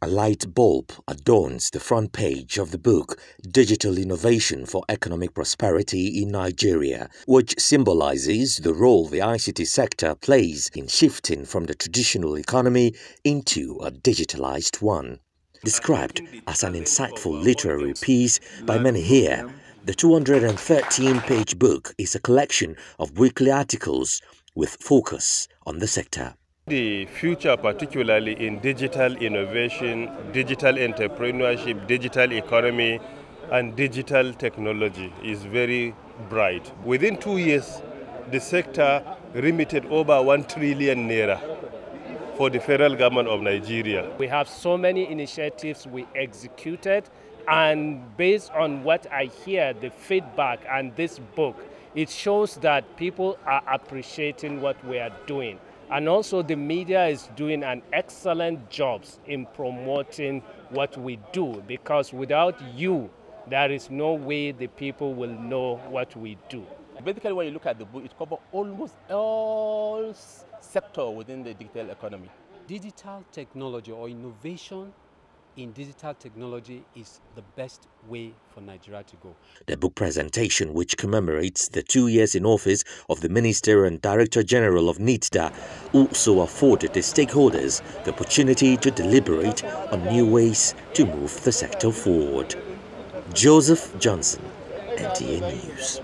A light bulb adorns the front page of the book Digital Innovation for Economic Prosperity in Nigeria, which symbolizes the role the ICT sector plays in shifting from the traditional economy into a digitalized one. Described as an insightful literary piece by many here, the 213-page book is a collection of weekly articles with focus on the sector. The future, particularly in digital innovation, digital entrepreneurship, digital economy, and digital technology is very bright. Within two years, the sector remitted over 1 trillion naira for the federal government of Nigeria. We have so many initiatives we executed and based on what I hear, the feedback and this book, it shows that people are appreciating what we are doing. And also the media is doing an excellent job in promoting what we do because without you, there is no way the people will know what we do. Basically, when you look at the book, it covers almost all sector within the digital economy. Digital technology or innovation in digital technology is the best way for Nigeria to go. The book presentation, which commemorates the two years in office of the Minister and Director General of NITDA, also afforded the stakeholders the opportunity to deliberate on new ways to move the sector forward. Joseph Johnson, NTA News.